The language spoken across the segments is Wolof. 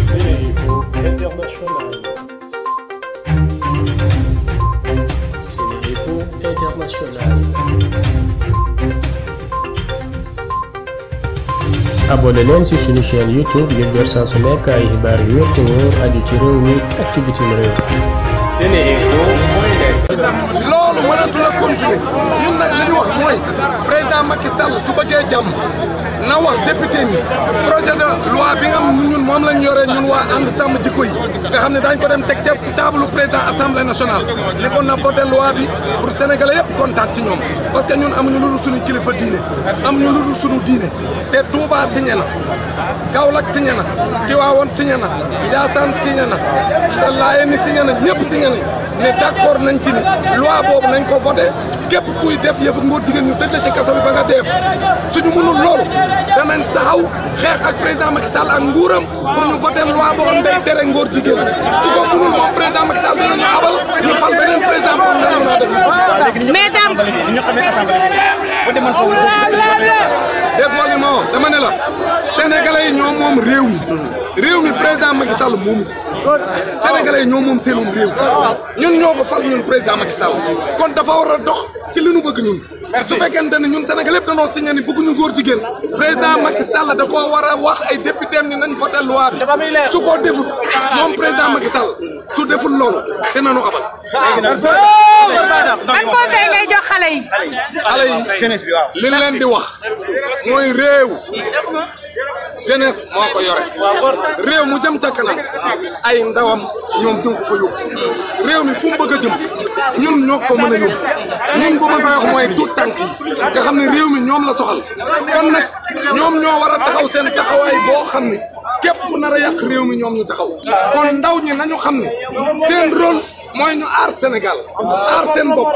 Sénéinfo International. Sénéinfo International. abonné leen ci suñu chaîne YouTube ngir jot saa su nekk ay xibaar yu wér te wóor loolu mënatu la continuer ñun nag li ñu wax mooy président Macky Sall su bëggee jàmm na wax député ni projet de loi bi nga ñun moom lañu yore ñun waa ànd sàmm jikko yi nga xam ne daañ ko dem teg ca table président assemblée nationale ne ko na voté loi bi pour sénégalais yëpp kontaan ci ñoom parce que ñun amuñu lu dul suñu kilifa diine amuñu lu dul suñu diine te Touba signé na Kaolack siñe na Tivaouane signé na Ndiassane signé na Layène signé na ñëpp signé nañ ne d'accord nañ ci ne loi boobu nañ ko voté képp kuy def yëfu ngóor jigéen ñu tëj la ci kaso bi ba nga def suñu mënul loolu danañ taxaw xeex ak président Macky Sall ak nguuram pour ñu voté loi boo xam day tere ngóor jigéen su ko mënul moom président Macky Sall dinañu abal ñu fal beneen président boobu nan la naa def. mais daam. déggoo li ma wax dama ne la sénégalais yi ñoo moom réew mi réew mi ma Macky Sall moomu ko sénégalais yi ñoo moom seenum réew ñun ñoo fa fal ñun président Macky Sall kon dafa war a dox ci li nu bëgg ñun su fekkente ne ñun Sénégal yëpp si signé ni ñu góor jigéen président Macky Sall da koo war a wax ay député am ni nañ voté loi bi su ko deful moom président Macky Sall su deful loolu dinañu abal ban conseil ngay jox xale yi. xale yi jeunesse bi waaw. li leen di wax. mooy réew. jeunesse moo ko yore. réew mu jëm ca kanam. ay ndawam ñoom du fa yóbbu. réew mi fu mu bëgg a jëm. ñun ñoo ko fa mën na yóbbu. ñun bu ma koy wax mooy tout tànk yi. nga xam ne réew mi ñoom la soxal. kon nag ñoom ñoo war taxaw seen taxawaay boo xam ni képp ku nar a yàq réew mi ñoom ñu taxaw. kon ndaw ñi nañu xam ne seen rôle. mooy ñu aar Sénégal aar seen bopp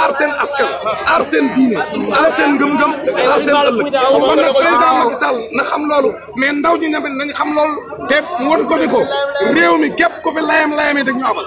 aar seen askan aar sen diine aar seen ngëm-ngëm aar seen ëllëg kon nag président Macky Sall na xam loolu mais ndaw ñi tamit nañ xam loolu te mu won ko ni ko réew mi képp ku fi layam-layam yi dag ñu amal